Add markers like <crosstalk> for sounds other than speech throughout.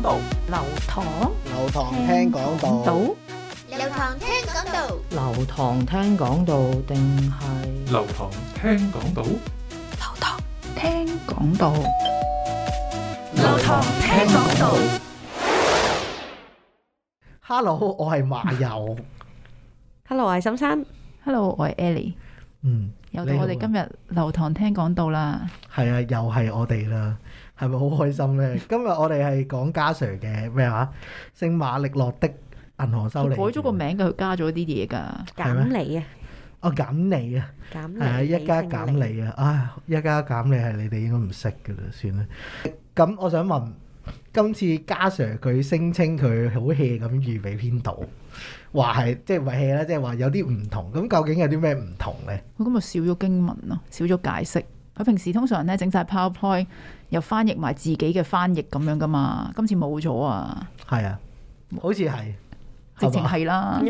流堂，流堂聽講道，流堂聽講道，流堂聽講道定係流堂聽講道，流堂聽講道，流堂聽講道。Hello，我係馬友。Hello，我係沈生。Hello，我係 Ellie。嗯，又到我哋今日流堂聽講道啦。係啊，又係我哋啦。係咪好開心咧？今日我哋係講嘉 Sir 嘅咩話？聖馬力諾的銀河修理員。佢改咗個名噶，佢加咗啲嘢噶，減理啊！哦，減理啊！減理，係啊，一家減理啊！啊，一家減理係你哋應該唔識噶啦，算啦。咁我想問，今次嘉 Sir 佢聲稱佢好 hea 咁預備編導，話係即係唔 hea 啦，即係話有啲唔同。咁究竟有啲咩唔同咧？佢今日少咗經文咯，少咗解釋。佢平時通常咧整晒 PowerPoint，又翻譯埋自己嘅翻譯咁樣㗎嘛，今次冇咗啊！係啊，好似係，直情係啦。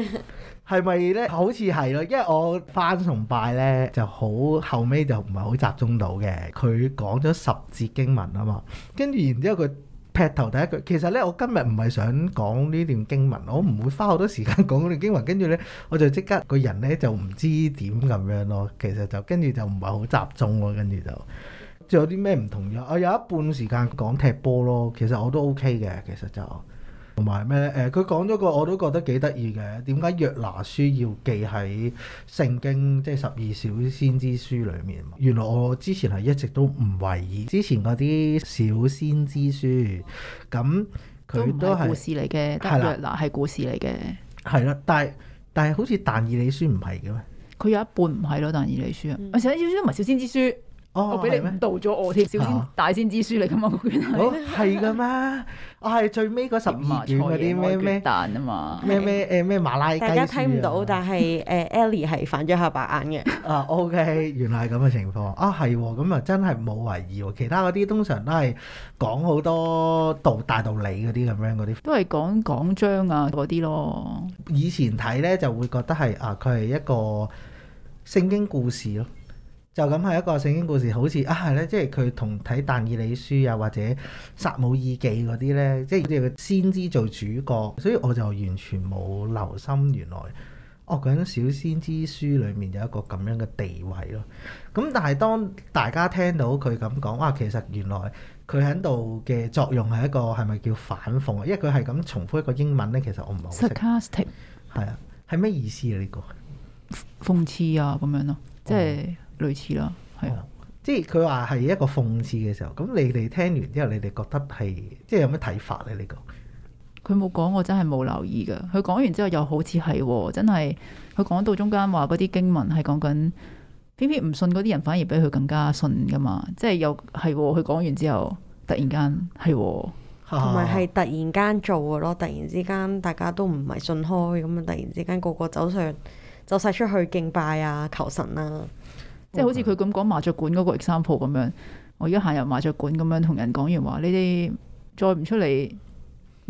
係咪咧？好似係咯，因為我返崇拜咧就好後尾就唔係好集中到嘅。佢講咗十字經文啊嘛、嗯，跟住然之後佢。劈頭第一句，其實咧，我今日唔係想講呢段經文，我唔會花好多時間講段經文。跟住咧，我就即刻個人咧就唔知點咁樣咯。其實就跟住就唔係好集中咯。跟住就仲有啲咩唔同樣。我、啊、有一半時間講踢波咯，其實我都 OK 嘅。其實就。同埋咩誒，佢講咗個我都覺得幾得意嘅。點解約拿書要記喺聖經即係十二小先知書裏面？原來我之前係一直都唔懷疑之前嗰啲小先知書。咁佢都係故事嚟嘅，係啦，約拿係故事嚟嘅。係啦，但係但係好似但以理書唔係嘅咩？佢有一半唔係咯，但以理書、嗯、啊，但以理書唔係小先知書。哦、我俾你誤導咗我添，小先大先知書嚟噶嘛？好係噶咩？我係、 <laughs> 啊、最尾嗰十二卷啲咩咩彈啊嘛！咩咩誒咩瑪拉基、啊啊？大家睇唔到，但係誒 Ellie 係反咗下白眼嘅。啊 OK，原來係咁嘅情況。啊係喎，咁啊真係冇為意喎。其他嗰啲通常都係講好多道大道理嗰啲咁樣嗰啲。都係講講章啊嗰啲咯。以前睇咧就會覺得係啊，佢係一個聖經故事咯。就咁係一個聖經故事，好似啊係咧，即係佢同睇但以理書啊，或者撒母耳記嗰啲咧，即係好似個先知做主角，所以我就完全冇留心原來哦，咁小先知書裏面有一個咁樣嘅地位咯。咁但係當大家聽到佢咁講，哇，其實原來佢喺度嘅作用係一個係咪叫反諷啊？因為佢係咁重複一個英文咧，其實我唔係好識。sarcastic，uc 係啊，係咩意思啊？呢個諷刺啊，咁樣咯、啊，嗯、即係。類似囉，係啊，哦、即係佢話係一個諷刺嘅時候。咁你哋聽完之後，你哋覺得係即係有咩睇法咧？呢個佢冇講，我真係冇留意嘅。佢講完之後，又好似係、哦、真係。佢講到中間話嗰啲經文係講緊，偏偏唔信嗰啲人反而比佢更加信噶嘛。即係又係喎，佢講完之後，突然間係喎，同埋係突然間做嘅咯。突然之間，大家都唔係信開咁啊！突然之間，個個走上走晒出去敬拜啊，求神啊。即係好似佢咁講麻雀館嗰個 example 咁樣，我而家行入麻雀館咁樣，樣，同人講完話，你哋再唔出嚟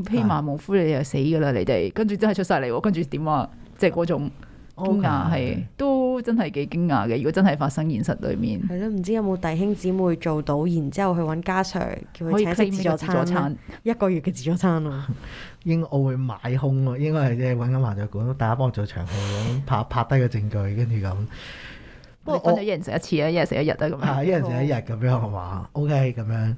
披麻蒙灰，你就死噶啦！你哋跟住真係出晒嚟，跟住點話？即係嗰種驚訝，係都真係幾驚訝嘅。如果真係發生現實裏面，係咯，唔知有冇弟兄姊妹做到，然之後去揾家 Sir，叫 s 叫佢請食自助餐，一個月嘅自助餐咯。應該我會買空咯，應該係即係揾間麻雀館，大家幫我做場戲，拍拍低個證據，跟住咁。我我一人食一次啊，我一日食一日啊，咁啊，一人食一日咁、okay, 樣係嘛？O K，咁樣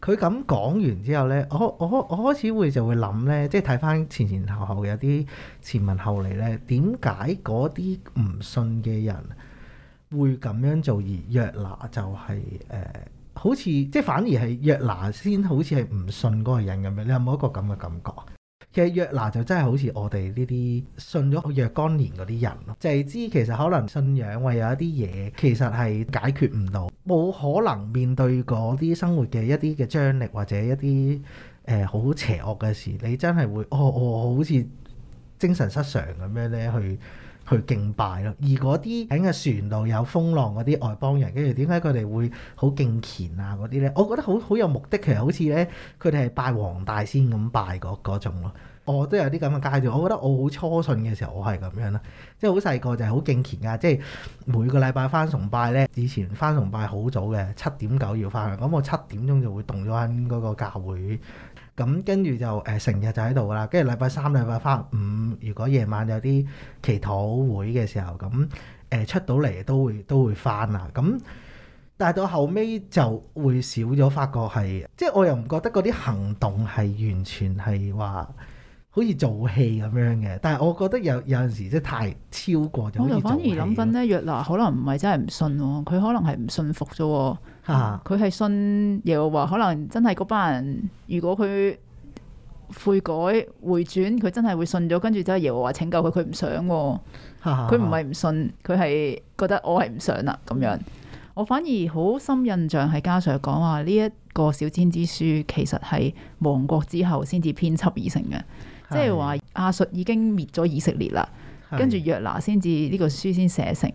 佢咁講完之後咧，我我我開始會就會諗咧，即係睇翻前前後後有啲前文後嚟咧，點解嗰啲唔信嘅人會咁樣做而約拿就係、是、誒、呃，好似即係反而係約拿先好似係唔信嗰個人咁樣？你有冇一個咁嘅感覺啊？其實約拿就真係好似我哋呢啲信咗若干年嗰啲人咯，就係、是、知其實可能信仰為有一啲嘢，其實係解決唔到，冇可能面對嗰啲生活嘅一啲嘅張力或者一啲誒好邪惡嘅事，你真係會哦哦好似精神失常咁樣咧去。去敬拜咯，而嗰啲喺個船度有風浪嗰啲外邦人，跟住點解佢哋會好敬虔啊嗰啲咧？我覺得好好有目的，其實好似咧，佢哋係拜黃大仙咁拜嗰種咯。我都有啲咁嘅階段，我覺得我好初信嘅時候，我係咁樣咯，即係好細個就係好敬虔噶，即係每個禮拜翻崇拜咧。以前翻崇拜好早嘅，七點九要翻去，咁我七點鐘就會動咗喺嗰個教會。咁跟住就誒成日就喺度啦，跟住禮拜三、禮拜翻五，如果夜晚有啲祈禱會嘅時候，咁、呃、誒出到嚟都會都會翻啦。咁但係到後尾就會少咗，發覺係即係我又唔覺得嗰啲行動係完全係話好似做戲咁樣嘅。但係我覺得有有陣時即係太超過咗。我就反而諗緊咧，約拿可能唔係真係唔信喎，佢可能係唔信服啫喎。佢係信耶和華，可能真係嗰班人。如果佢悔改回轉，佢真係會信咗，跟住之後耶和華拯救佢，佢唔想、喎。佢唔係唔信，佢係覺得我係唔想啦咁樣。我反而好深印象係加上講話呢一個《小千之書》，其實係亡國之後先至編輯而成嘅。的即係話亞述已經滅咗以色列啦，的跟住約拿先至呢個書先寫成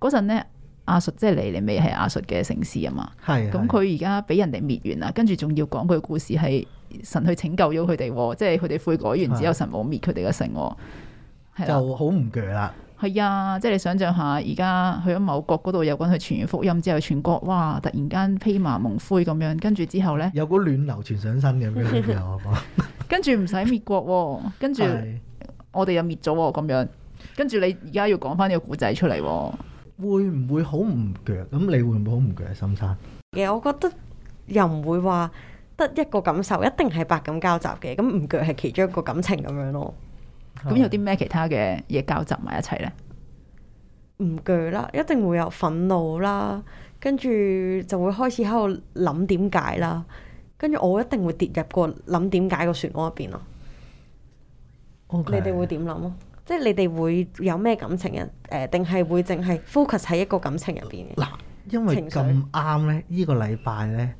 嗰陣呢。亞述即係你，你未係亞述嘅城市啊嘛。係咁的，佢而家俾人哋滅完啦，的跟住仲要講佢故事係神去拯救咗佢哋，的即係佢哋悔改完之後神滅，神冇滅佢哋嘅城。係的就好唔鋸啦。係啊，即係你想象下，而家去咗某國嗰度，有個人去傳完福音之後，全國哇，突然間披麻蒙灰咁樣，跟住之後咧，有股暖流傳上身咁樣 <laughs> 跟住唔使滅國，跟住的我哋又滅咗咁樣，跟住你而家要講翻呢個古仔出嚟。會唔會好唔攰？咁你會唔會好唔攰喺心生？嘅，我覺得又唔會話得一個感受，一定係百感交集嘅。咁唔攰係其中一個感情咁樣咯。咁有啲咩其他嘅嘢交集埋一齊呢？唔攰啦，一定會有憤怒啦，跟住就會開始喺度諗點解啦，跟住我一定會跌入個諗點解個漩渦入邊咯。你哋會點諗啊？即係你哋會有咩感情啊？誒、呃，定係會淨係 focus 喺一個感情入邊？嗱，因為咁啱咧，呢個禮拜咧，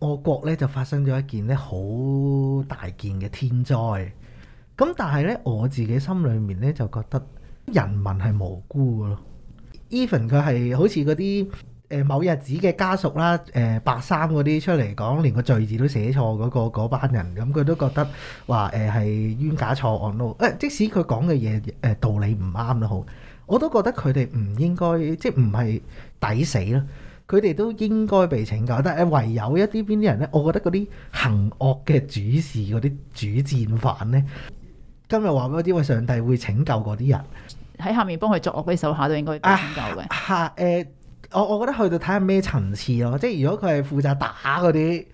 我國咧就發生咗一件咧好大件嘅天災。咁但係咧，我自己心裏面咧就覺得人民係無辜嘅咯。Even 佢係好似嗰啲。誒某日子嘅家屬啦，誒、呃、白衫嗰啲出嚟講，連個罪字都寫錯嗰個嗰班人，咁、嗯、佢都覺得話誒係冤假錯案咯。誒、呃，即使佢講嘅嘢誒道理唔啱都好，我都覺得佢哋唔應該，即係唔係抵死咯。佢哋都應該被拯救。但係、呃、唯有一啲邊啲人呢，我覺得嗰啲行惡嘅主事嗰啲主戰犯呢，今日話俾我知，喂，上帝會拯救嗰啲人，喺下面幫佢作惡嘅手下都應該被拯救嘅。嚇誒、啊！啊啊啊我我覺得去到睇下咩層次咯，即係如果佢係負責打嗰啲，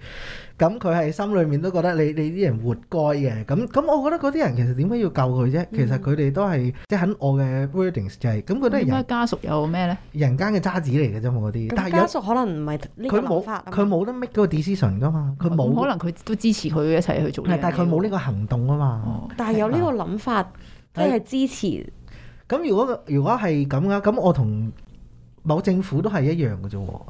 咁佢係心裏面都覺得你你啲人活該嘅，咁咁我覺得嗰啲人其實點解要救佢啫？其實佢哋都係、嗯、即係很惡嘅 writings 就係、是、咁，覺得人家屬有咩咧？人間嘅渣子嚟嘅啫，嘛嗰啲。但係家屬可能唔係呢個諗法，佢冇得 make 嗰個 decision 噶嘛，佢冇、哦、可能佢都支持佢一齊去做。係，但係佢冇呢個行動啊嘛。哦、但係有呢個諗法，即係、哦、的支持。咁如果如果係咁噶，咁我同。某政府都係一樣嘅啫喎，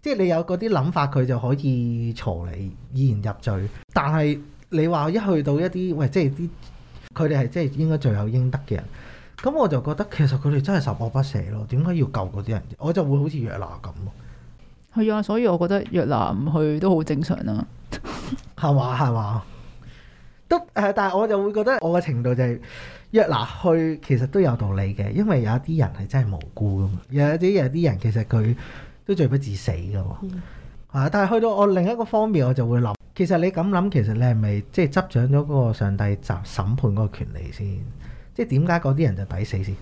即係你有嗰啲諗法，佢就可以錯你，以言入罪。但係你話一去到一啲，喂，即係啲佢哋係即係應該罪有應得嘅人，咁我就覺得其實佢哋真係十惡不赦咯。點解要救嗰啲人？我就會好似約拿咁。係啊，所以我覺得約拿唔去都好正常啊，係嘛係嘛，都誒，但係我就會覺得我嘅程度就係、是。約拿去，其實都有道理嘅，因為有一啲人係真係無辜噶嘛，又有啲有啲人其實佢都罪不至死噶，嚇、嗯啊！但係去到我另一個方面，我就會諗，其實你咁諗，其實你係咪即係執掌咗嗰個上帝集審判嗰個權力先？即係點解嗰啲人就抵死先？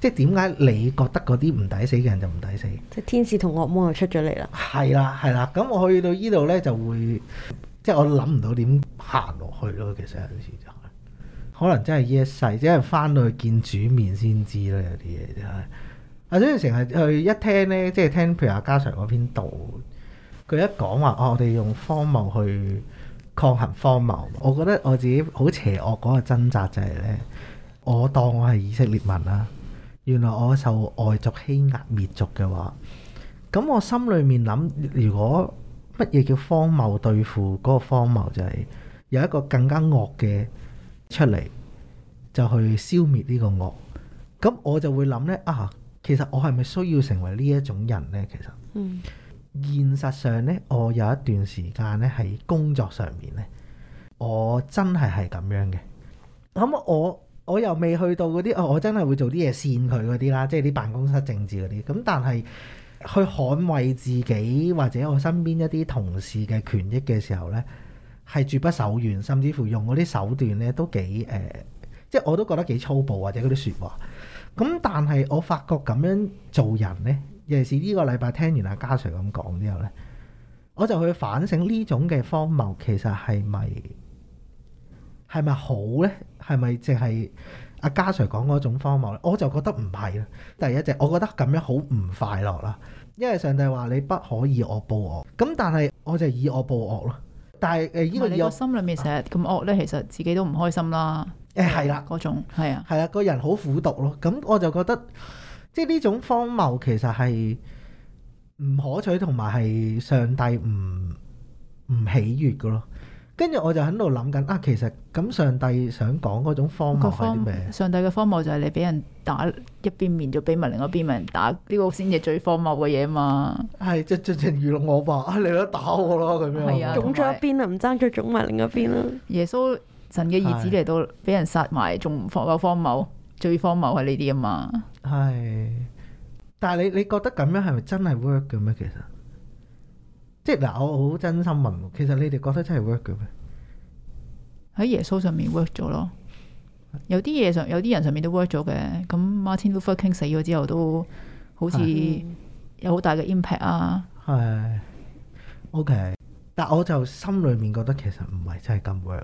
即係點解你覺得嗰啲唔抵死嘅人就唔抵死？即係天使同惡魔又出咗嚟啦？係啦，係啦，咁我去到呢度呢，就會，即係我諗唔到點行落去咯。其實有時就是、～可能真係一世，真係翻到去見主面先知啦。有啲嘢真係阿張玉成係去一聽咧，即係聽譬如阿嘉 sir 嗰篇道，佢一講話哦，我哋用荒謬去抗衡荒謬，我覺得我自己好邪惡嗰個掙扎就係、是、咧，我當我係以色列民啦，原來我受外族欺壓滅族嘅話，咁我心裏面諗，如果乜嘢叫荒謬對付嗰、那個荒謬，就係有一個更加惡嘅。出嚟就去消滅呢個惡，咁我就會諗呢：啊，其實我係咪需要成為呢一種人呢？其實，嗯，現實上呢，我有一段時間呢喺工作上面呢，我真係係咁樣嘅。咁、嗯、我我又未去到嗰啲，我真係會做啲嘢扇佢嗰啲啦，即係啲辦公室政治嗰啲。咁但係去捍衛自己或者我身邊一啲同事嘅權益嘅時候呢。係絕不手軟，甚至乎用嗰啲手段咧都幾，誒、呃，即係我都覺得幾粗暴或者嗰啲説話。咁但係我發覺咁樣做人呢，尤其是呢個禮拜聽完阿嘉 Sir 咁講之後呢，我就去反省呢種嘅荒謬，其實係咪係咪好呢？係咪淨係阿嘉 Sir 講嗰種荒謬呢？我就覺得唔係啦。第一隻，我覺得咁樣好唔快樂啦，因為上帝話你不可以惡報惡。咁但係我就以惡報惡咯。但係誒，呢個你個心裏面成日咁惡咧，啊，其實自己都唔開心啦。誒、哎，係啦，嗰種係啊，係啦，個人好苦毒咯。咁我就覺得，即係呢種荒謬，其實係唔可取，同埋係上帝唔唔喜悦噶咯。跟住我就喺度諗緊啊，其實咁上帝想講嗰種荒謬係啲咩？上帝嘅荒謬就係你俾人打一邊面，就俾埋另外一邊人打，呢個先至最荒謬嘅嘢嘛。係即係盡情娛樂我吧，你都打我咯咁樣。係啊，腫咗一邊啦，唔爭咗腫埋另一邊啦。耶穌神嘅兒子嚟到俾人殺埋，仲荒謬荒謬，最荒謬係呢啲啊嘛。係，但係你你覺得咁樣係咪真係 work 嘅咩？其實？即嗱，我好真心問，其實你哋覺得真係 work 嘅咩？喺耶穌上面 work 咗咯，有啲嘢上，有啲人上面都 work 咗嘅。咁 Martin Luther King 死咗之後，都好似有好大嘅 impact 啊。係。OK，但我就心裏面覺得其實唔係真係咁 work。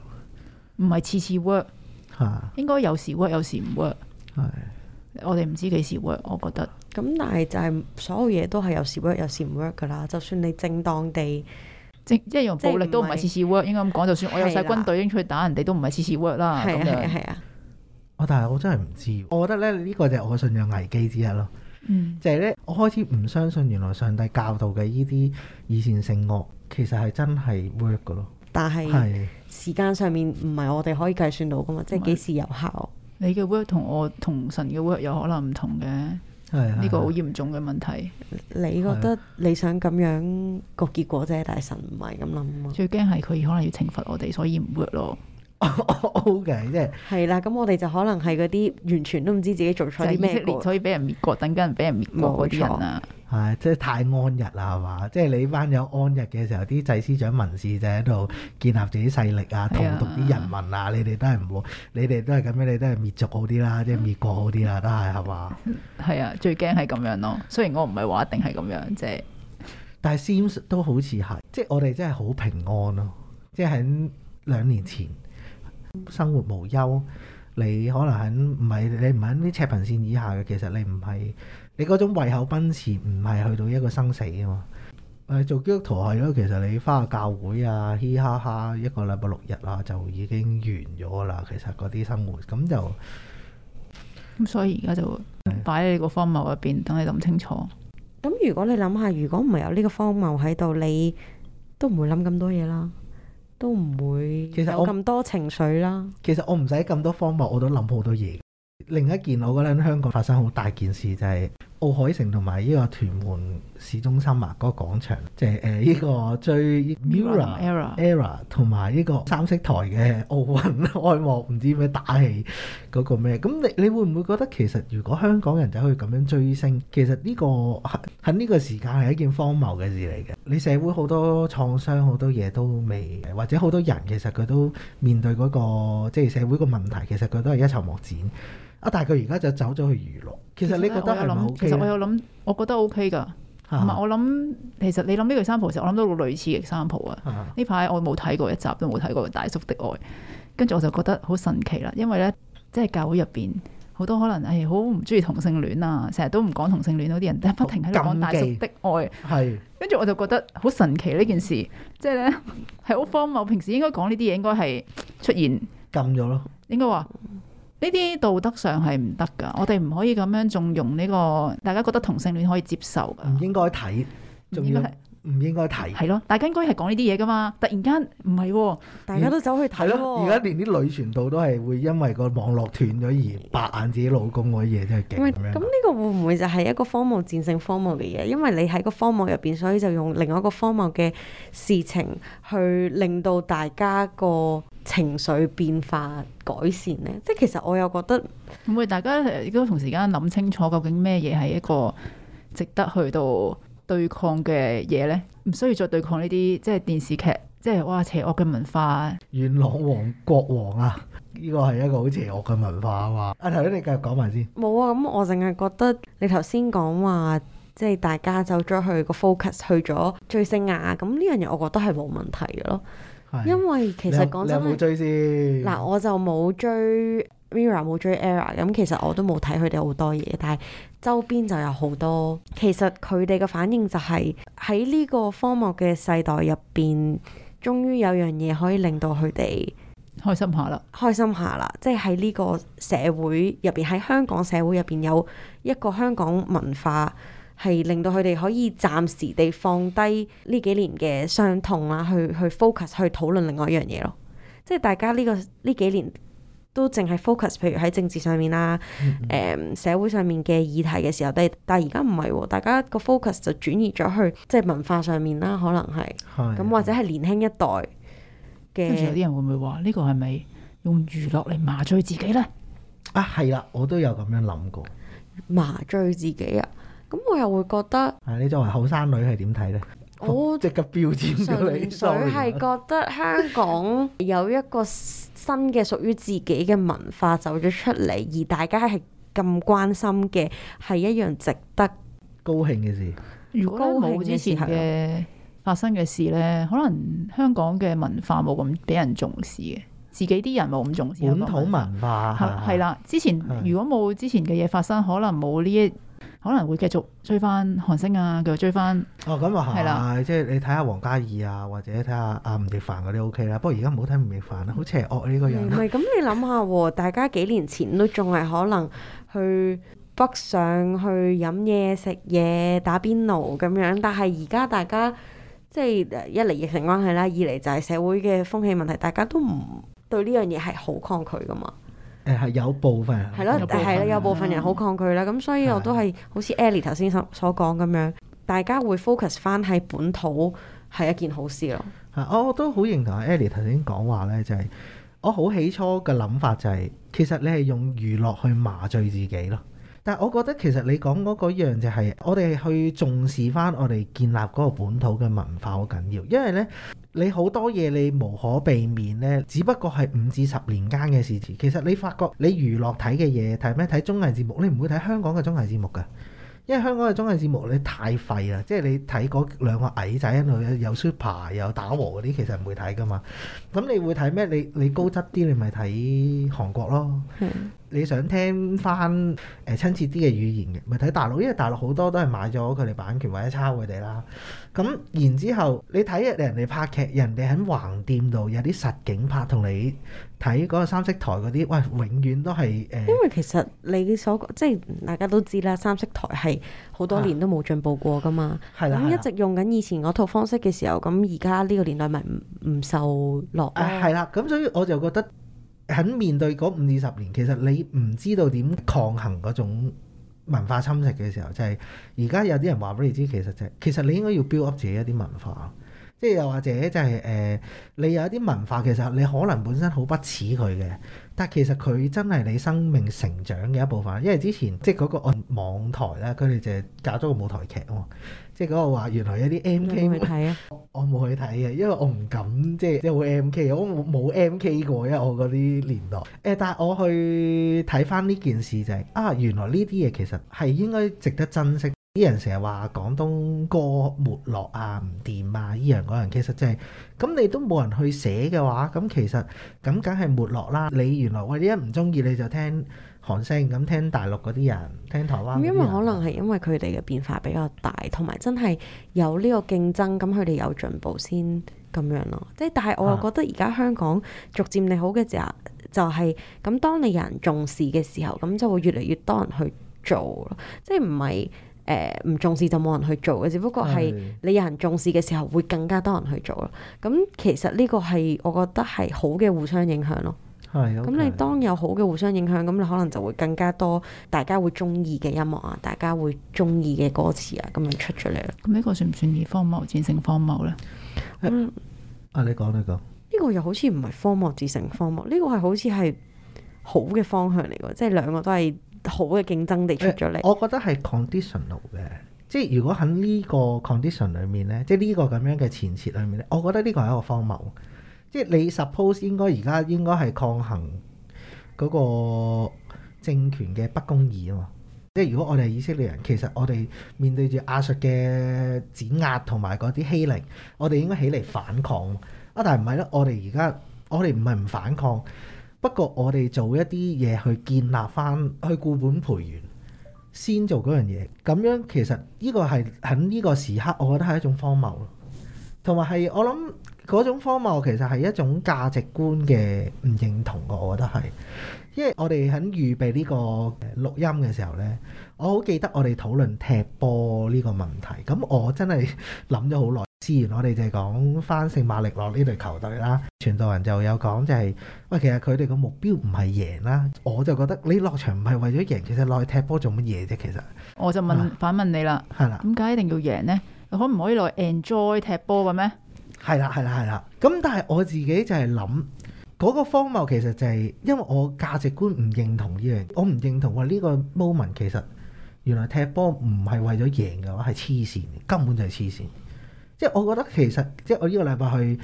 唔係次次 work。係。應該有時 work，有時唔 work。係。我哋唔知幾時 work，我覺得。咁但係就係所有嘢都係有時 work 有時唔 work 噶啦，就算你正當地即即係用暴力都唔係次次 work，應該咁講，就算我有晒軍隊已經出去打人哋都唔係次次 work 啦。係啊係啊係啊！但係我真係唔知，我覺得咧呢個就係我信仰危機之一咯。嗯，就係咧我開始唔相信原來上帝教導嘅呢啲以善勝惡其實係真係 work 噶咯。但係時間上面唔係我哋可以計算到噶嘛，即係幾時有效？是你嘅 work 同我同神嘅 work 有可能唔同嘅。呢個好嚴重嘅問題，的你覺得你想咁樣個結果啫，但係神唔係咁諗，最驚係佢可能要懲罰我哋，所以唔 work 咯。 <laughs> o、okay, K，即係係啦，咁我哋就可能係嗰啲完全都唔知自己做錯啲咩嘅，以色列所以俾人滅國，等緊俾人滅國嗰啲人啊！係、哎，即係太安逸啦，係嘛？即係你班有安逸嘅時候，啲祭司長文士就喺度建立自己勢力啊，統獨啲人民啊，你哋都係唔好，你哋都係咁樣，你都係滅族好啲啦，嗯、即係滅國好啲啦，都係係嘛？係啊，最驚係咁樣咯。雖然我唔係話一定係咁樣，即係，但係 t 都好似係，即係我哋真係好平安咯，即係喺兩年前生活無憂。你可能喺唔係你唔喺啲赤貧線以下嘅，其實你唔係你嗰種為口奔馳，唔係去到一個生死嘅嘛。誒、啊、做基督徒係咯，其實你返下教會啊，嘻哈哈一個禮拜六日啊，就已經完咗啦。其實嗰啲生活咁就咁、嗯，所以而家就擺喺的你個荒謬入邊，等你諗清楚。咁如果你諗下，如果唔係有呢個荒謬喺度，你都唔會諗咁多嘢啦。都唔會其實我咁多情緒啦。其實我唔使咁多方博，我都諗好多嘢。另一件我覺得香港發生好大件事就係、是。奧海城同埋呢個屯門市中心啊，嗰個廣場，即係誒依個追 Mirror and Era 同埋呢個三色台嘅奧運開幕，唔 <laughs> 知咩打氣嗰、那個咩？咁你你會唔會覺得其實如果香港人就可以咁樣追星，其實呢、這個喺呢個時間係一件荒謬嘅事嚟嘅。你社會好多創傷，好多嘢都未，或者好多人其實佢都面對嗰、那個即係、就是、社會個問題，其實佢都係一籌莫展啊！但係佢而家就走咗去娛樂，其實你覺得係咪？其實我有諗，我覺得 O K 噶同埋我諗，啊、其實你諗呢句 sample 嘅時候，我諗到類似嘅 sample 啊。呢排我冇睇過一集，都冇睇過《大叔的愛》，跟住我就覺得好神奇啦。因為咧，即係教會入邊好多可能係好唔中意同性戀啊，成日都唔講同性戀嗰啲人，不停喺度講《大叔的愛》。係。跟住我就覺得好神奇呢件事，即係咧係好荒謬。我平時應該講呢啲嘢，應該係出現禁咗了咯。應該話。呢啲道德上係唔得噶，的我哋唔可以咁樣縱容呢個大家覺得同性戀可以接受噶。唔應該睇，仲要唔應該睇，係咯，但係應該係講呢啲嘢噶嘛。突然間唔係，大家都走去睇咯的。而家的連啲女傳道都係會因為個網絡斷咗、哦、而白眼自己老公嗰啲嘢，真係勁。咁呢個會唔會就係一個荒謬戰勝荒謬嘅嘢？因為你喺個荒謬入邊，所以就用另外一個荒謬嘅事情去令到大家個。情緒變化改善呢，即係其實我又覺得，會，會大家亦都同時間諗清楚究竟咩嘢係一個值得去到對抗嘅嘢呢？唔需要再對抗呢啲即係電視劇，即係哇邪惡嘅文化，元朗王國王啊，呢、這個係一個好邪惡嘅文化啊嘛。阿頭哥，你繼續講埋先。冇啊，咁我淨係覺得你頭先講話，即係大家就再去，去個 focus 去咗追星啊，咁呢樣嘢我覺得係冇問題嘅咯。因為其實講好真你，你冇追先嗱，我就冇追 MIRROR 冇追 ERROR 咁其實我都冇睇佢哋好多嘢，但係周邊就有好多。其實佢哋嘅反應就係喺呢個荒漠嘅世代入邊，終於有樣嘢可以令到佢哋開心下啦，開心下啦，即係喺呢個社會入邊，喺香港社會入邊有一個香港文化。係令到佢哋可以暫時地放低呢幾年嘅傷痛啦，去去 focus 去討論另外一樣嘢咯。即係大家呢個呢幾年都淨係 focus，譬如喺政治上面啦，誒、嗯、哼社會上面嘅議題嘅時候，但係而家唔係喎，大家個 focus 就轉移咗去即係文化上面啦，可能係咁的或者係年輕一代嘅。跟住有啲人會唔會話呢個係咪用娛樂嚟麻醉自己呢？啊，係啦，我都有咁樣諗過，麻醉自己啊！咁我又會覺得，啊！你作為後生女係點睇呢？好我，即刻標籤咗你。佢係覺得香港有一個新嘅 <laughs> 屬於自己嘅文化走咗出嚟，而大家係咁關心嘅，係一樣值得高興嘅事。如果冇之前嘅發生嘅事呢，可能香港嘅文化冇咁俾人重視嘅，自己啲人冇咁重視本土文化。係啦，之前如果冇之前嘅嘢發生，可能冇呢一。可能會繼續追翻韓星啊，繼續追翻哦，咁又係啦，的即係你睇下王嘉爾啊，或者睇下阿吳亦凡嗰啲 O K 啦。不過而家唔好睇吳亦凡啦、啊，好似係惡呢、啊嗯、個人。唔係、嗯，咁你諗下喎，大家幾年前都仲係可能去北上去飲嘢食嘢打邊爐咁樣，但係而家大家即係一嚟疫情關係啦，二嚟就係社會嘅風氣問題，大家都唔對呢樣嘢係好抗拒噶嘛。誒係、哎、有部分人係咯，係啦、啊，有部分人好、啊、抗拒啦，咁、啊、所以我都係、啊、好似 Ellie 頭先所所講咁樣，大家會 focus 翻喺本土係一件好事咯。係、啊，我我都好認同 Ellie 頭先講話咧，就係、是、我好起初嘅諗法就係、是，其實你係用娛樂去麻醉自己咯。我覺得其實你講嗰樣就係，我哋去重視翻我哋建立嗰個本土嘅文化好緊要，因為呢，你好多嘢你無可避免呢只不過係五至十年間嘅事情。其實你發覺你娛樂睇嘅嘢睇咩？睇綜藝節目，你唔會睇香港嘅綜藝節目噶，因為香港嘅綜藝節目你太廢啦，即係你睇嗰兩個矮仔喺度有 Super 有打和嗰啲，其實唔會睇噶嘛。咁你會睇咩？你你高質啲，你咪睇韓國咯。嗯你想聽翻誒、呃、親切啲嘅語言嘅，咪睇大陸，因為大陸好多都係買咗佢哋版權或者抄佢哋啦。咁然之後，你睇人哋拍劇，人哋喺橫店度有啲實景拍，同你睇嗰個三色台嗰啲，喂，永遠都係誒。呃、因為其實你所即係、就是、大家都知啦，三色台係好多年都冇進步過㗎嘛。係啦、啊，咁一直用緊以前嗰套方式嘅時候，咁而家呢個年代咪唔受落啊？係啦，咁所以我就覺得。喺面對嗰五二十年，其實你唔知道點抗衡嗰種文化侵蝕嘅時候，就係而家有啲人話俾你知，其實就其實你應該要 build up 自己一啲文化，即係又或者就係、是、誒、呃，你有一啲文化，其實你可能本身好不似佢嘅，但係其實佢真係你生命成長嘅一部分。因為之前即係嗰個按網台啦，佢哋就係搞咗個舞台劇啊嘛。即係嗰個話，原來 MK，有啲 M K，係冇啊。 <laughs> 我冇去睇嘅，因為我唔敢即係、就、即、是、係會 M K，我冇 M K 過，因為我嗰啲年代。誒、呃，但係我去睇翻呢件事就係、是、啊，原來呢啲嘢其實係應該值得珍惜。啲人成日話廣東歌沒落啊、唔掂啊，依樣嗰樣，其實就係、是、咁，你都冇人去寫嘅話，咁其實咁梗係沒落啦。你原來我、哎、一唔中意你就聽。講聲咁聽大陸嗰啲人，聽台灣。因為可能係因為佢哋嘅變化比較大，同埋真係有呢個競爭，咁佢哋有進步先咁樣咯。即係但係我又覺得而家香港逐漸你好嘅時候，就係咁。當你有人重視嘅時候，咁就會越嚟越多人去做。即係唔係誒唔重視就冇人去做嘅？只不過係你有人重視嘅時候，會更加多人去做咯。咁其實呢個係我覺得係好嘅互相影響咯。係咁，嗯、你當有好嘅互相影響，咁你可能就會更加多大家會中意嘅音樂啊，大家會中意嘅歌詞啊，咁樣出咗嚟。咁呢個算唔算以荒謬戰勝荒謬咧？嗯，嗯啊，你講你講，呢個又好似唔係荒謬戰勝荒謬，呢、這個係好似係好嘅方向嚟嘅，即係兩個都係好嘅競爭地出咗嚟，欸。我覺得係 conditional 嘅，即係如果喺呢個 condition 裏面咧，即係呢個咁樣嘅前設裏面咧，我覺得呢個係一個荒謬。即係你 suppose 應該而家應該係抗衡嗰個政權嘅不公義啊嘛！即係如果我哋係以色列人，其實我哋面對住亞述嘅碾壓同埋嗰啲欺凌，我哋應該起嚟反抗啊！但係唔係咧？我哋而家我哋唔係唔反抗，不過我哋做一啲嘢去建立返去固本培元，先做嗰樣嘢。咁樣其實呢個係喺呢個時刻，我覺得係一種荒謬，同埋係我諗。嗰種荒謬其實係一種價值觀嘅唔認同嘅，我覺得係。因為我哋喺預備呢個錄音嘅時候呢，我好記得我哋討論踢波呢個問題。咁我真係諗咗好耐。之前我哋就係講翻聖馬力諾呢隊球隊啦，傳道人就有講就係：喂，其實佢哋嘅目標唔係贏啦。我就覺得你落場唔係為咗贏，其實落去踢波做乜嘢啫？其實我就問反問你啦，係啦，點解一定要贏呢？你可唔可以來 enjoy 踢波嘅咩？係啦，係啦，係啦。咁但係我自己就係諗嗰個荒謬，其實就係因為我價值觀唔認同呢樣，我唔認同話呢個 moment 其實原來踢波唔係為咗贏嘅話，係黐線，根本就係黐線。即係我覺得其實即係我呢個禮拜去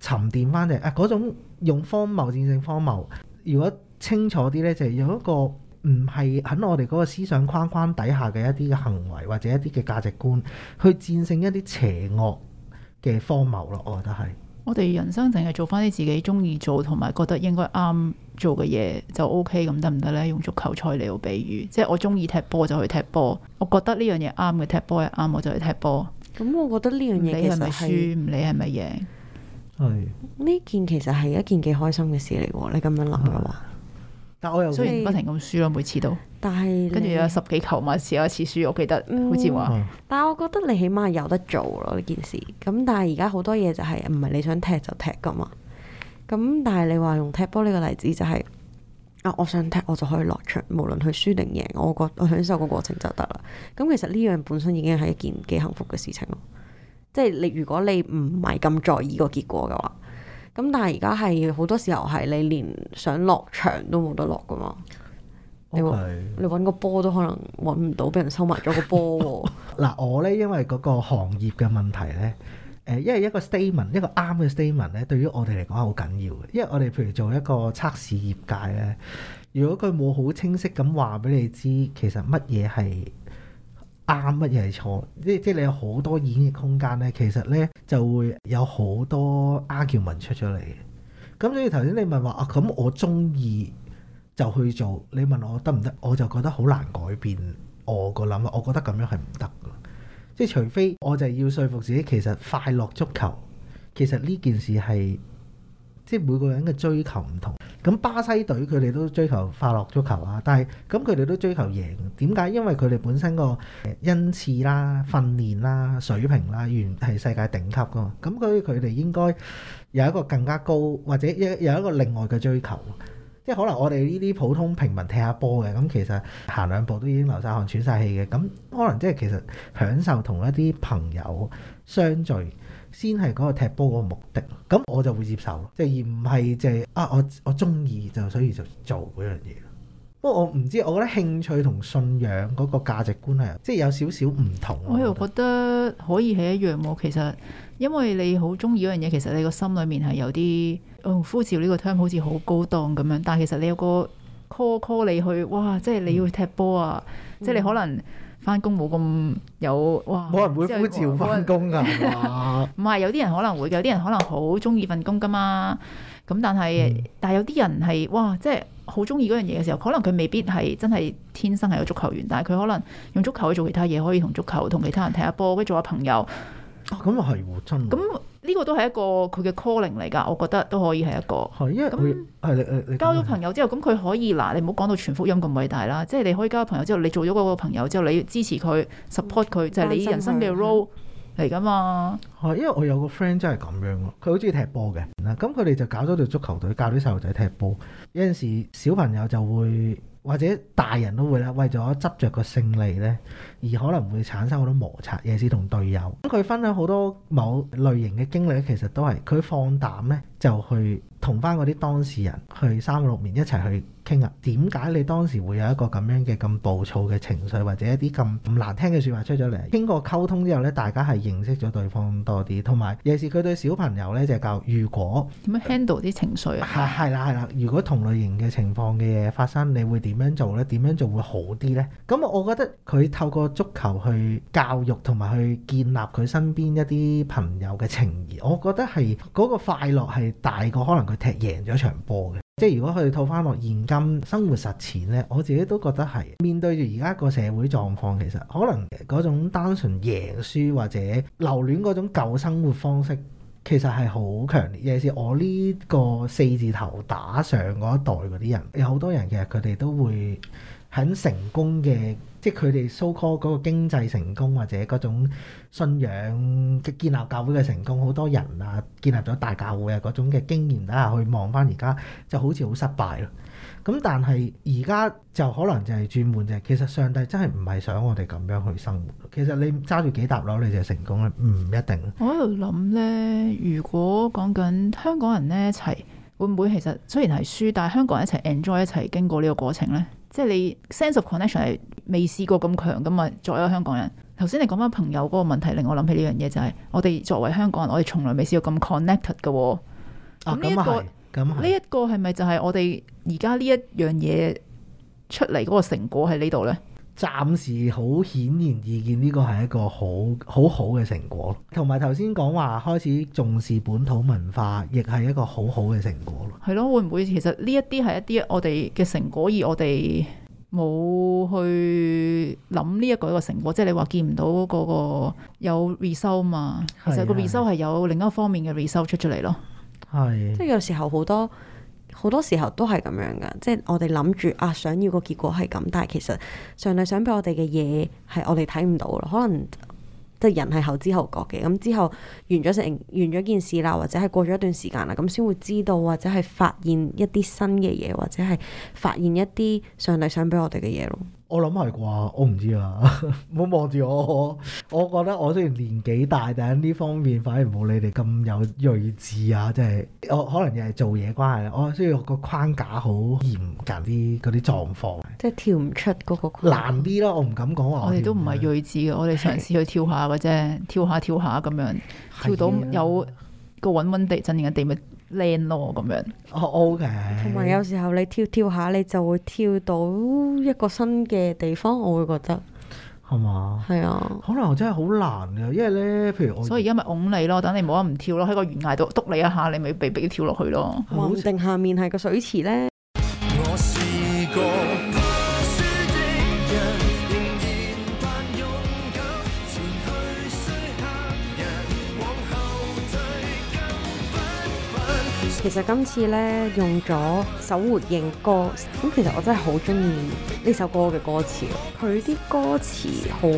沉澱翻就係啊嗰種用荒謬戰勝荒謬，如果清楚啲呢，就係用一個唔係喺我哋嗰個思想框框底下嘅一啲嘅行為或者一啲嘅價值觀去戰勝一啲邪惡。嘅荒謬咯，我覺得係。我哋人生淨係做翻啲自己中意做同埋覺得應該啱做嘅嘢，就 O K 咁得唔得呢？用足球賽嚟做比喻，即係我中意踢波就去踢波，我覺得呢樣嘢啱嘅，踢波又啱，我就去踢波。咁、嗯、我覺得呢樣嘢其實係唔理咪輸，唔理係咪贏，係呢件其實係一件幾開心嘅事嚟嘅。你咁樣諗係嘛？但我又雖然不停咁輸咯，每次都。但係，跟住有十幾球嘛，試一次輸，我記得好似話。但係我覺得你起碼有得做咯呢件事。咁但係而家好多嘢就係唔係你想踢就踢噶嘛。咁但係你話用踢波呢個例子就係，啊我想踢我就可以落場，無論佢輸定贏，我覺享受個過程就得啦。咁其實呢樣本身已經係一件幾幸福嘅事情咯。即係你如果你唔係咁在意個結果嘅話，咁但係而家係好多時候係你連想落場都冇得落噶嘛。你揾個波都可能揾唔到，俾人收埋咗個波喎。嗱，我呢，因為嗰個行業嘅問題呢，誒，因為一個 statement 一個啱嘅 statement 呢，對於我哋嚟講係好緊要嘅。因為我哋譬如做一個測試業界呢，如果佢冇好清晰咁話俾你知，其實乜嘢係啱，乜嘢係錯，即係即係你有好多演繹空間呢，其實呢就會有好多 argument 出咗嚟。咁所以頭先你咪話啊，咁我中意。就去做，你問我得唔得？我就覺得好難改變我個諗法，我覺得咁樣係唔得，即係除非我就要說服自己其，其實快樂足球其實呢件事係即係每個人嘅追求唔同。咁巴西隊佢哋都追求快樂足球啊，但係咁佢哋都追求贏。點解？因為佢哋本身個恩賜啦、訓練啦、水平啦，原係世界頂級噶嘛。咁所以佢哋應該有一個更加高或者有一個另外嘅追求。即係可能我哋呢啲普通平民踢下波嘅，咁其實行兩步都已經流晒汗、喘晒氣嘅，咁可能即係其實享受同一啲朋友相聚，先係嗰個踢波嗰個目的。咁我就會接受，即係而唔係即係、啊我我中意就所以就做嗰樣嘢。不過我唔知，我覺得興趣同信仰嗰個價值觀係即係有少少唔同。我，我又覺得可以係一樣喎，其實。因為你好中意嗰樣嘢，其實你心裏、哦、個心裏面係有啲，呼召呢個 term 好似好高檔咁樣，但係其實你有個 call call to, 你去，哇！即係你要踢波啊，即係你可能翻工冇咁有，哇！冇人會呼召翻工㗎，唔係有啲人可能會，有啲人可能好中意份工㗎嘛。咁但係，但係有啲人係哇，即係好中意嗰樣嘢嘅時候，可能佢未必係真係天生係個足球員，但係佢可能用足球去做其他嘢，可以同足球同其他人踢下波，跟住做下朋友。咁又係真咁，呢個都係一個佢嘅 calling 嚟噶，我覺得都可以係一個係，因為佢係你你交咗朋友之後，咁佢可以嗱，你唔好講到傳福音咁偉大啦，即係你可以交咗朋友之後，你做咗嗰個朋友之後，你支持佢 support 佢就係你人生嘅 role 嚟噶嘛。係，因為我有個 friend 真係咁樣咯，佢好中意踢波嘅嗱，咁佢哋就搞咗隊足球隊，教啲細路仔踢波。有陣時小朋友就會。或者大人都會啦，為咗執着個勝利咧，而可能會產生好多摩擦，尤其是同隊友。咁佢分享好多某類型嘅經歷，其實都係佢放膽呢，就去同返嗰啲當事人去三個六面一齊去。傾啊，點解你當時會有一個咁樣嘅咁暴躁嘅情緒，或者一啲咁難聽嘅説話出咗嚟？經過溝通之後呢，大家係認識咗對方多啲，同埋尤其是佢對小朋友呢，就教如果點樣 handle 啲情緒啊。係係啦係啦，如果同類型嘅情況嘅嘢發生，你會點樣做呢？點樣做會好啲呢？咁我覺得佢透過足球去教育同埋去建立佢身邊一啲朋友嘅情誼，我覺得係嗰個快樂係大過可能佢踢贏咗場波嘅。即係如果佢哋套翻落現今生活實踐咧，我自己都覺得係面對住而家個社會狀況，其實可能嗰種單純贏輸，或者留戀嗰種舊生活方式，其實係好強烈。尤其是我呢個四字頭打上嗰一代嗰啲人，有好多人其實佢哋都會。很成功嘅，即係佢哋 so call 嗰個經濟成功，或者嗰種信仰建立教會嘅成功，好多人啊，建立咗大教會啊嗰種嘅經驗下、啊、去望翻而家就好似好失敗咯。咁、嗯、但係而家就可能就係轉換啫。其實上帝真係唔係想我哋咁樣去生活。其實你揸住幾沓攞你就成功咧，唔一定。我喺度諗呢，如果講緊香港人呢，一齊，會唔會其實雖然係輸，但係香港人一齊 enjoy 一齊經過呢個過程呢？即係你 sense of connection 係未試過咁強㗎嘛。作為一個香港人，頭先你講翻朋友嗰個問題，令我諗起呢樣嘢就係、是、我哋作為香港人，我哋從來未試過咁 connected 嘅。哦、嗯，呢一個係咪就係我哋而家呢一樣嘢出嚟嗰個成果喺呢度咧？暫時好顯然易見，呢個係一個好好好嘅成果，同埋頭先講話開始重視本土文化，亦係一個好好嘅成果咯。係咯，會唔會其實呢一啲係一啲我哋嘅成果，而我哋冇去諗呢一個嘅成果，即係你話見唔到嗰個有 result 嘛？其實個 result 係有另一方面嘅 result 出出嚟咯。係，即係有時候好多。好多時候都係咁樣噶，即係我哋諗住啊，想要個結果係咁，但係其實上帝想俾我哋嘅嘢係我哋睇唔到咯，可能即係人係後知後覺嘅，咁之後完咗成完咗件事啦，或者係過咗一段時間啦，咁先會知道，或者係發現一啲新嘅嘢，或者係發現一啲上帝想俾我哋嘅嘢咯。我諗係啩，我唔知啊！唔好望住我。我覺得我雖然年紀大，但喺呢方面反而冇你哋咁有睿智啊！即係我可能又係做嘢關係，我需要個框架好嚴格啲嗰啲狀況。即係跳唔出嗰個框。難啲咯，我唔敢講話。我哋都唔係睿智嘅，我哋嘗試去跳下嘅啫， <laughs> 跳下跳下咁樣，跳到有個穩穩陣地、鎮定嘅地咪。靚咯咁樣，哦，OK 嘅。同埋有時候你跳跳下，你就會跳到一個新嘅地方，我會覺得。係嘛吧？係啊。可能真係好難嘅，因為咧，譬如我。所以而家咪擁你咯，等你冇得唔跳咯，喺個懸崖度督你一下，你咪被逼跳落去咯。定下面係個水池咧？其實今次咧用咗首回應歌，咁其實我真係好中意呢首歌嘅歌詞，佢啲歌詞好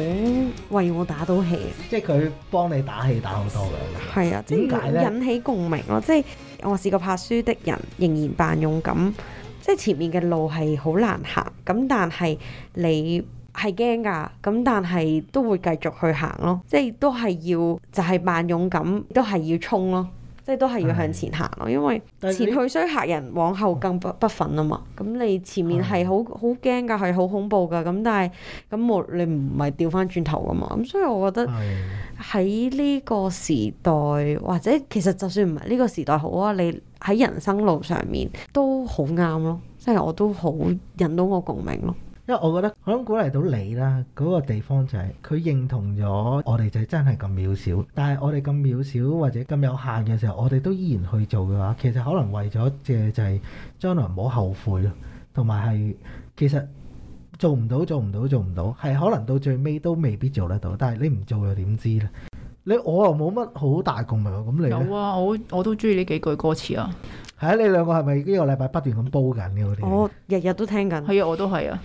為我打到氣，即係佢幫你打氣打好多嘅。係啊，點解咧？引起共鳴啊！即係我係個怕輸的人，仍然扮勇敢，即係前面嘅路係好難行，咁但係你係驚㗎，咁但係都會繼續去行咯，即係都係要就係、是、扮勇敢，都係要衝咯。即係都係要向前行咯，的因為前去雖嚇人，往後更不不忿啊嘛。咁、嗯、你前面係好好驚噶，係好恐怖噶。咁但係咁我你唔係掉返轉頭噶嘛。咁所以我覺得喺呢個時代，的或者其實就算唔係呢個時代好啊，你喺人生路上面都好啱咯。即係我都好引到我共鳴咯。因為我覺得，可能鼓勵到你啦，嗰、那個地方就係、是、佢認同咗我哋就真係咁渺小，但係我哋咁渺小或者咁有限嘅時候，我哋都依然去做嘅話，其實可能為咗借就係將來唔好後悔咯，同埋係其實做唔到，做唔到，做唔到，係可能到最尾都未必做得到，但係你唔做又點知咧？你我又冇乜好大共鳴，咁你咧？有啊，我我都中意呢幾句歌詞啊。係啊，你兩個係咪呢個禮拜不斷咁煲緊嘅嗰啲？我日日都聽緊。係啊， <laughs> 我都係啊。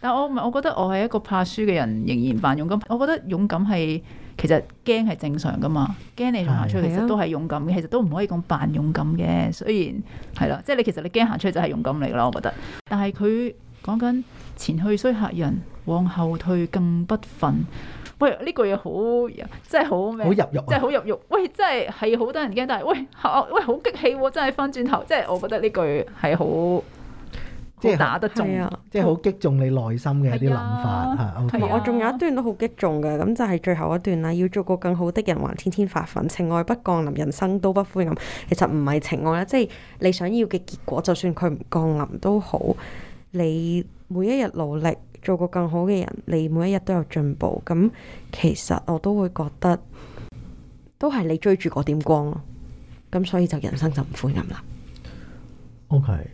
但係我唔，我覺得我係一個怕輸嘅人，仍然扮勇敢。我覺得勇敢係其實驚係正常噶嘛，驚你行出去其實都係勇敢嘅，其實都唔可以咁扮勇敢嘅。雖然係啦，即係你其實你驚行出去就係勇敢嚟噶啦，我覺得。但係佢講緊前去雖吓人，往後退更不忿。喂，呢句嘢好，即係好咩？好入肉，即係好入肉。喂，真係係好多人驚，但係喂，喂，好激氣喎、啊！真係翻轉頭，即係我覺得呢句係是好，即係打得中，啊、即係好擊中你內心嘅一啲諗法嚇。唔係、啊，okay 啊、我仲有一段都好激中嘅，咁就係最後一段啦。要做個更好的人，還天天發奮，情愛不降臨，人生都不灰暗。其實唔係情愛啦，即、就、係、是、你想要嘅結果，就算佢唔降臨都好，你每一日努力。做個更好嘅人，你每一日都有進步，咁其實我都會覺得，都係你追住嗰點光咯。咁所以就人生就唔灰暗啦。O Okay , K，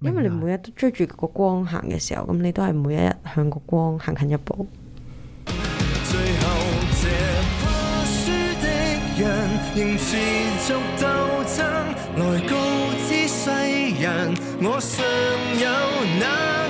因為你每日都追住個光行嘅時候，咁你都係每一日向個光行近一步。 <music> 最怕輸的人仍持續鬥爭，來告知世人：「我尚有。」